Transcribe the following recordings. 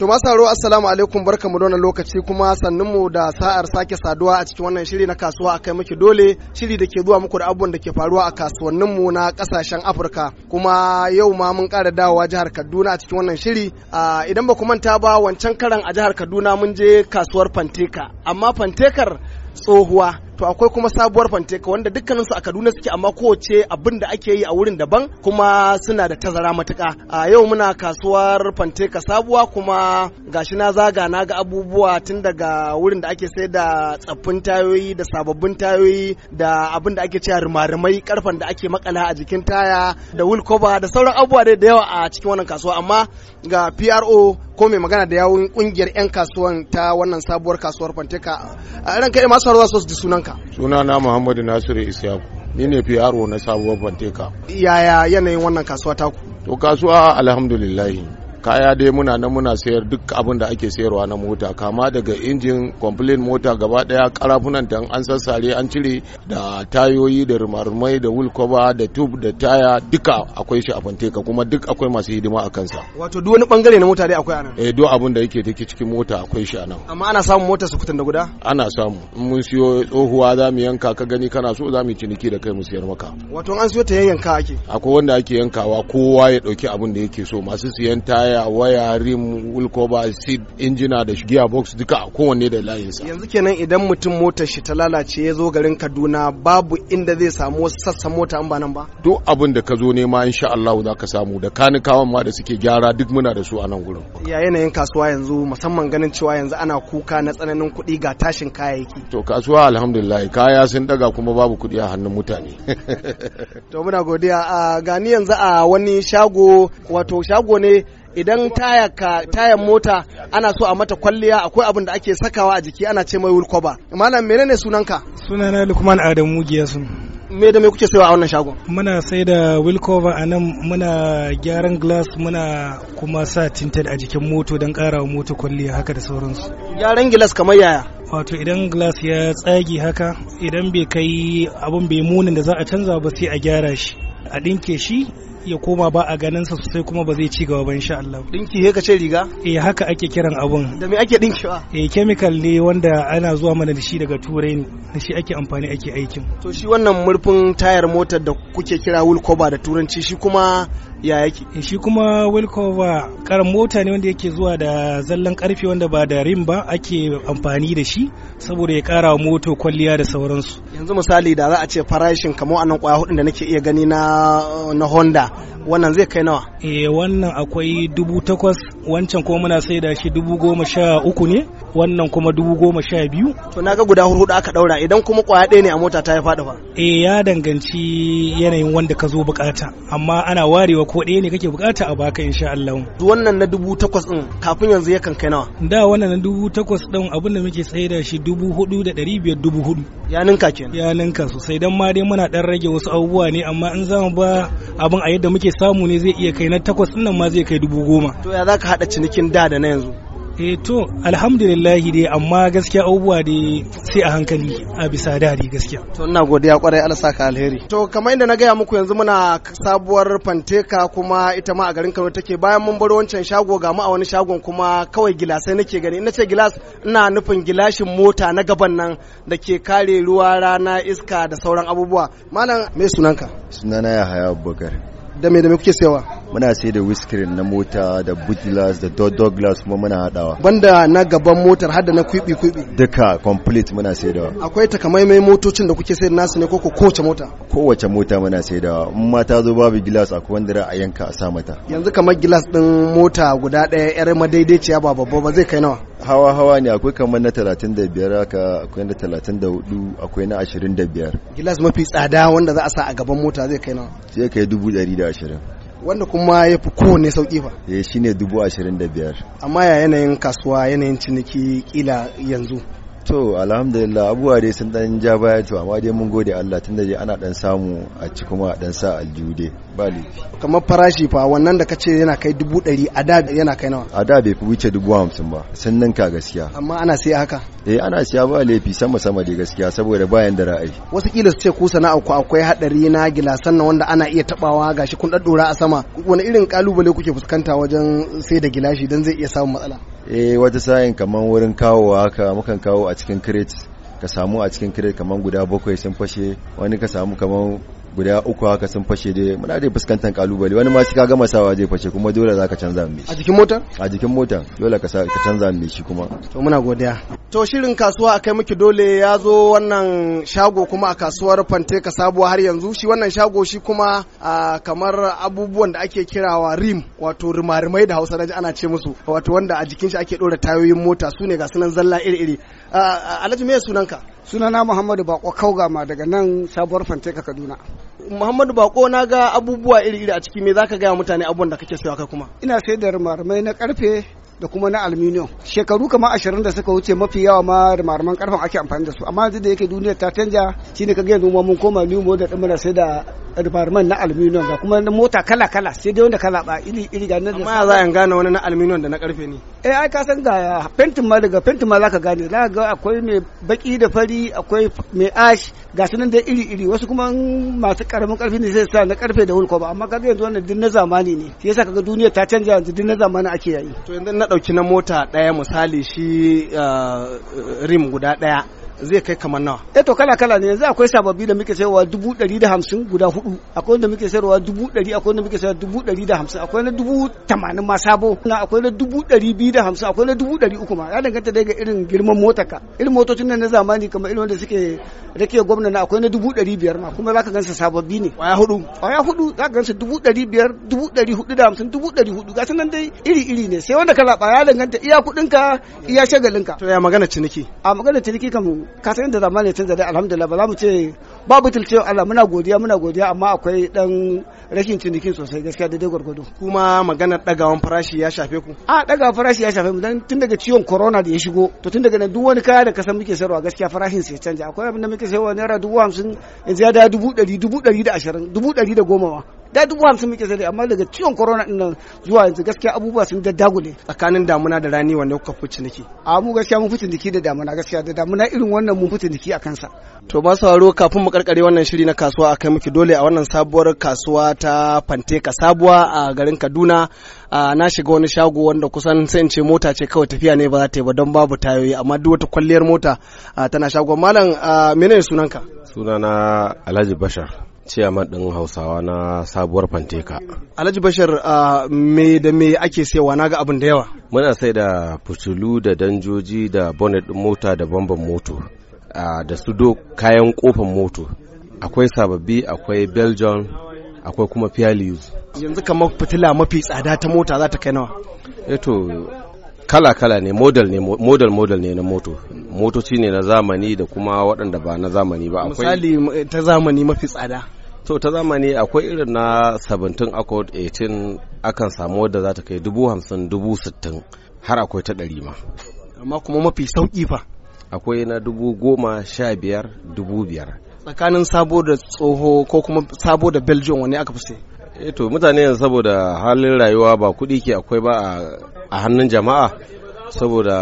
To masaro assalamu alaikum barkamu da wannan lokaci kuma sannunmu da sa'ar sake saduwa a cikin wannan shiri na kasuwa akai miki dole shiri da ke zuwa muku da abubuwan da ke faruwa a kasuwanninmu na kasashen Afirka kuma yau ma mun ƙara dawowa jihar Kaduna a cikin wannan shiri idan ba ku manta ba wancan karan a jihar Kaduna mun je kasuwar Fanteka amma Fantekar tsohuwa to akwai kuma sabuwar fanteka wanda dukkanin su a Kaduna suke amma kowace abin da ake yi a wurin daban kuma suna da tazara matuka a yau muna kasuwar fanteka sabuwa kuma gashi na zaga na ga abubuwa tun daga wurin da ake sai da tsaffin tayoyi da sababbin tayoyi da abin da ake cewa rumarumai karfan da ake makala a jikin taya da wheel cover da sauran abubuwa dai da yawa a cikin wannan kasuwa amma ga PRO ko mai magana da yawun kungiyar 'yan kasuwan ta wannan sabuwar kasuwar fanteka a ranka kai masu ruwa su ji sunan fanteka na muhammadu nasiru isyaku ni ne PRO na sabuwar fanteka yaya yanayin wannan kasuwa taku to kasuwa alhamdulillahi kaya dai muna nan muna sayar duk abin da ake sayarwa na mota kama daga injin complain mota gaba daya karafunan da an sassare an cire da tayoyi da rumarumai da cover da tube da taya duka akwai shi a fanteka kuma duk akwai masu hidima a kansa wato duk wani bangare na mota dai akwai anan eh duk abin da yake take cikin mota akwai shi anan amma ana samun mota su kutan da guda ana samu mun siyo tsohuwa za mu yanka ka gani kana so za mu ciniki da kai mu siyar maka wato an siyo ta yanka ake akwai wanda ake yankawa kowa ya dauki abin da yake so masu siyan taya taya waya rim wulkoba seat injina da box duka a kowanne da layinsa yanzu kenan idan mutum motar shi ta lalace ya zo garin kaduna babu inda zai samu sassa mota an ba nan ba duk abin da ka zo nema insha Allah za ka samu da kanikawan ma da suke gyara duk muna da su a nan gurin ya yanayin kasuwa yanzu musamman ganin cewa yanzu ana kuka na tsananin kuɗi ga tashin kayayyaki to kasuwa alhamdulillah kaya sun daga kuma babu kuɗi a hannun mutane to muna godiya a ah, gani yanzu a wani shago wato shago ne idan taya tayan mota ana so a mata kwalliya akwai abin da ake sakawa a jiki ana ce mai wulkoba malam menene sunanka sunana lukman adamu sun me da me kuke saiwa a wannan shagon muna sai da wheel a nan muna gyaran glass muna kuma sa tinted a jikin moto don karawa moto kwalliya haka da sauransu gyaran glass kamar yaya wato idan glass ya tsagi haka idan bai kai abun bai munin da za a canza ba sai a gyara shi a ɗinke shi ya koma ba a ganin sa sosai kuma ba zai ci gaba ba insha Allah dinki he ka riga eh haka ake kiran abun da me ake dinkewa eh chemical ne wanda ana zuwa mana da shi daga turai ne da shi ake amfani ake aikin to shi wannan murfin tayar motar da kuke kira Wilkoba da turanci shi kuma ya yake shi kuma wilcover karan mota ne wanda yake zuwa da zallan karfe wanda ba da rim ba ake amfani da shi saboda ya kara wa moto kwalliya da sauransu yanzu misali da za a ce farashin kamar nan kwaya hudun da nake iya gani na na honda wannan zai kai nawa eh wannan akwai dubu takwas wancan kuma muna sai da shi dubu goma sha uku ne wannan kuma dubu goma sha biyu to naga guda hudu aka daura idan kuma kwaya ɗaya ne a mota ta ya faɗi fa eh ya danganci yanayin wanda ka zo bukata amma ana warewa ko ɗaya ne kake bukata a baka insha Allah wannan na dubu takwas ɗin kafin yanzu yakan kai nawa da wannan na dubu takwas ɗin abin da muke tsaye da shi dubu hudu da ɗari biyar dubu hudu ya ninka kenan ya ninka sosai dan ma dai muna ɗan rage wasu abubuwa ne amma in za mu ba abin a yadda muke samu ne zai iya kai na takwas ɗin nan ma zai kai dubu goma to ya za ka haɗa cinikin da da na yanzu eh to alhamdulillahi dai amma gaskiya abubuwa dai sai a hankali a bisa gaskiya to ina godiya kwarai Allah saka alheri to kamar inda na gaya muku yanzu muna sabuwar fanteka kuma ita ma a garin Kano take bayan mun bar wancan shago ga mu a wani shagon kuma kawai gilasai nake gani ina ce gilas ina nufin gilashin mota na gaban nan da ke kare ruwa rana iska da sauran abubuwa malam me sunanka sunana Yahaya Abubakar da me da me kuke sayawa muna sai da whiskrin na mota da butlas da dog glass kuma muna hadawa banda na gaban motar har da na kwibi kwibi duka complete muna sai akwai takamaimai motocin da kuke sayar nasu ne ko ko kowace mota kowace mota muna sai da in ma ta zo babu glass akwai wanda a yanka a sa mata yanzu kamar glass din mota guda daya yar madaidaiciya ba babba ba zai kai nawa hawa hawa ne akwai kamar na 35 haka akwai na 34 akwai na 25 gilas mafi tsada wanda za a sa a gaban mota zai kai nawa sai kai 120 wanda kuma ya fi kowane sauƙi fa eh shine 25 amma ya yanayin kasuwa yanayin ciniki kila yanzu to alhamdulillah abubuwa dai sun dan ja baya to amma dai mun gode Allah tunda dai ana dan samu a ci kuma a dan sa aljude bali kamar farashi fa wannan da kace yana kai dubu ɗari a da yana kai nawa a da bai fi wuce dubu hamsin ba sun ninka gaskiya amma ana sai haka eh ana siya ba laifi sama sama dai gaskiya saboda bayan da ra'ayi wasu kila su ce ku sana'a ku akwai hadari na gilasan nan wanda ana iya tabawa gashi kun dora a sama wani irin kalubale kuke fuskanta wajen sai da gilashi dan zai iya samun matsala eh wata sa'in kaman wurin kawo haka mukan kawo a cikin crate ka samu a cikin crate kamar guda bakwai sun fashe wani ka samu kamar guda uku haka sun fashe dai muna dai fuskantar kalubale wani ma shi ka gama sawa zai fashe kuma dole za ka canza mai shi a jikin mota a jikin mota dole ka canza mai shi kuma to muna godiya to shirin kasuwa akai miki dole ya zo wannan shago kuma a kasuwar fante ka sabuwa har yanzu shi wannan shago shi kuma kamar abubuwan da ake kirawa rim wato rimarimai da hausa naji ana ce musu wato wanda a jikin shi ake dora tayoyin mota su ne ga sunan zalla iri-iri alhaji me sunanka sunana muhammadu bako kaugama daga nan sabuwar ka kaduna muhammadu bako na ga abubuwa iri-iri a ciki me zaka gaya mutane abubuwan da kake sayo kai kuma ina sai da marmai na karfe da kuma na aluminium shekaru kama ashirin da suka wuce mafi yawa ma da marman karfen ake amfani da su amma yanzu da yake duniya ta canja shine gaya yanzu mun koma new mu da muna sai da rufarman na aluminium ga kuma na mota kala kala sai dai wanda kala ba iri iri ga nan amma za a gane wani na aluminium da na karfe ne eh ai ka san ga fentin ma daga fentin ma zaka gane za ga akwai mai baki da fari akwai mai ash ga su nan da iri iri wasu kuma masu karamin karfi ne sai sa na karfe da hulko ba amma ga yanzu wannan din na zamani ne shi yasa kaga duniya ta canja yanzu din na zamani ake yayi to yanzu na dauki na mota daya misali shi eh, rim guda daya zai kai kamar nawa eh to kala kala ne yanzu akwai sababbi da muke sayarwa dubu ɗari da hamsin guda hudu akwai wanda muke sayarwa dubu ɗari akwai wanda muke sayarwa dubu ɗari da hamsin akwai na dubu tamanin ma sabo na akwai na dubu ɗari biyu da hamsin akwai na dubu ɗari uku ma ya danganta daga irin girman ka irin motocin nan na zamani kamar irin wanda suke rake gwamna na akwai na dubu ɗari biyar ma kuma zaka gansa sababbi ne kwaya hudu kwaya hudu ka gansa dubu ɗari biyar dubu ɗari hudu da hamsin dubu ɗari hudu ga nan dai iri iri ne sai wanda ka zaɓa ya danganta iya kuɗinka iya shagalinka to ya magana ciniki a magana ciniki kam ka san yadda zamani tun da alhamdulillah ba za mu ce ba ce Allah muna godiya muna godiya amma akwai dan rashin ciniki sosai gaskiya dai gwargwado kuma maganar dagawan farashi ya shafe ku a dagawan farashi ya shafe mu dan tun daga ciwon corona da ya shigo to tun daga nan duk wani kaya da kasan muke sayarwa gaskiya farashin sai canja akwai abin da muke sayarwa naira dubu hamsin yanzu ya da dubu ɗari dubu ɗari da ashirin dubu ɗari da goma ma da dubu hamsin muke sai amma daga ciwon corona din nan zuwa yanzu gaskiya abubuwa sun daddagule tsakanin damuna da rani wanda kuka fice niki a mu gaskiya mun fice niki da damuna gaskiya da damuna irin wannan mun fice niki a kansa to ba sauraro kafin mu karkare wannan shiri na kasuwa a kai muke dole a wannan sabuwar kasuwa ta Fanteka sabuwa a garin Kaduna na shiga wani shago wanda kusan sai in ce mota ce kawai tafiya ne ba za ta yi ba don babu tayoyi amma duk wata kwalliyar mota tana shago malam menene sunanka sunana Alhaji Bashar ciyaman ɗin hausawa na sabuwar fanteka alhaji bashar me da me ake sayawa na ga abin da yawa muna sai da fitulu da danjoji da bonnet ɗin mota da bamban moto da su do kayan kofan moto akwai sababbi akwai belgium akwai kuma fairlies yanzu kamar fitila mafi tsada ta mota za ta kai nawa eto eh kala kala ne model ne model model ne na moto motoci ne na zamani da kuma waɗanda ba na zamani ba akwai misali eh, ta zamani mafi tsada so ta zamani akwai irin na 17 accord 18 akan samu wadda za ta kai dubu hamsin dubu sittin har akwai ta ɗari ma amma kuma mafi sauƙi fa akwai na dubu goma sha biyar dubu biyar tsakanin sabo da tsoho ko kuma sabo da belgium wani aka fi sai e eh to mutane yanzu saboda halin rayuwa ba kuɗi ke akwai ba a hannun jama'a saboda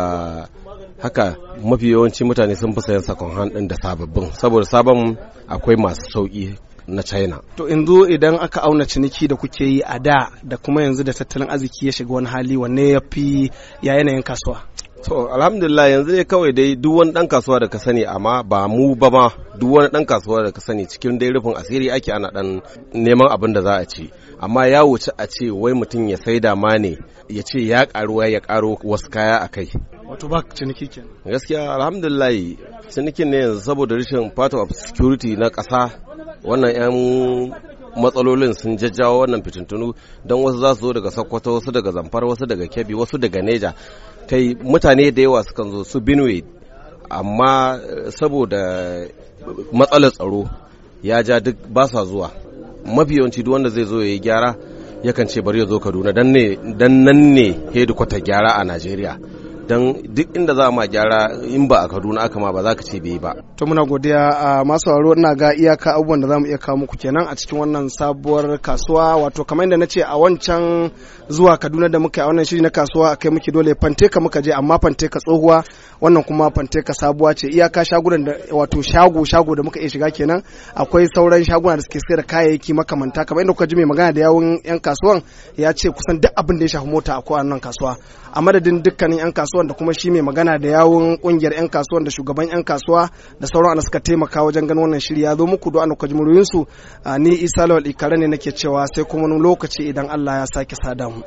haka mafi yawanci mutane sun fi sayan sakon hand da sababbin saboda sabon akwai masu sauki na china to yanzu idan aka auna ciniki da kuke yi a da da kuma yanzu da tattalin arziki ya shiga wani hali wanne ya fi ya yanayin kasuwa to alhamdulillah yanzu ne kawai dai duk wani dan kasuwa da ka sani amma ba mu ba ma duk wani dan kasuwa da ka sani cikin dai rufin asiri ake ana dan neman abin da za a ci amma ya wuce a ce wai mutum ya sai ma ne ya ce ya karuwa ya karo wasu kaya a kai wato ba ciniki kenan gaskiya alhamdulillah cinikin ne yanzu saboda rashin part of security na ƙasa wannan 'yan matsalolin sun jajjawo wannan fitintunu don wasu za su zo daga sokoto wasu daga zamfar wasu daga kebbi wasu daga neja kai mutane da yawa sukan zo su binwe amma saboda matsalar tsaro ya ja duk ba sa zuwa mafi yawanci duk wanda zai zo ya yi gyara yakan ce bari ya zo kaduna dan nan ne kwata gyara a najeriya don duk inda za ma gyara in ba a kaduna aka ma ba za ka ce bai ba to muna godiya a masu aro ina ga iyaka abubuwan da za mu iya kawo muku kenan a cikin wannan sabuwar kasuwa wato kamar yadda na ce a wancan zuwa kaduna da muka yi a wannan shiri na kasuwa kai muke dole fanteka muka je amma fanteka tsohuwa wannan kuma fanteka sabuwa ce iyaka shagunan da wato shago shago da muka iya shiga kenan akwai sauran shaguna da suke sayar da kayayyaki makamanta kamar yadda kuka ji mai magana da yawun yan kasuwan ya ce kusan duk abin da ya shafi mota akwai a nan kasuwa a madadin dukkanin yan kasuwa kasuwan da kuma shi mai magana da yawun kungiyar 'yan kasuwan da shugaban 'yan kasuwa da sauran ana suka taimaka wajen ganin wannan shiri ya zo muku do'a ana kwaji su ni isa lawal ikare ne nake cewa sai kuma lokaci idan allah ya sake sadamu mu